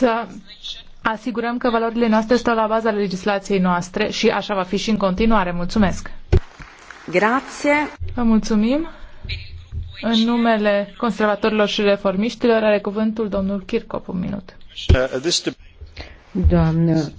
să asigurăm că valorile noastre stau la baza legislației noastre și așa va fi și în continuare. Mulțumesc! Grație! Vă mulțumim! În numele conservatorilor și reformiștilor are cuvântul domnul Kirkop un minut. Uh, Doamnă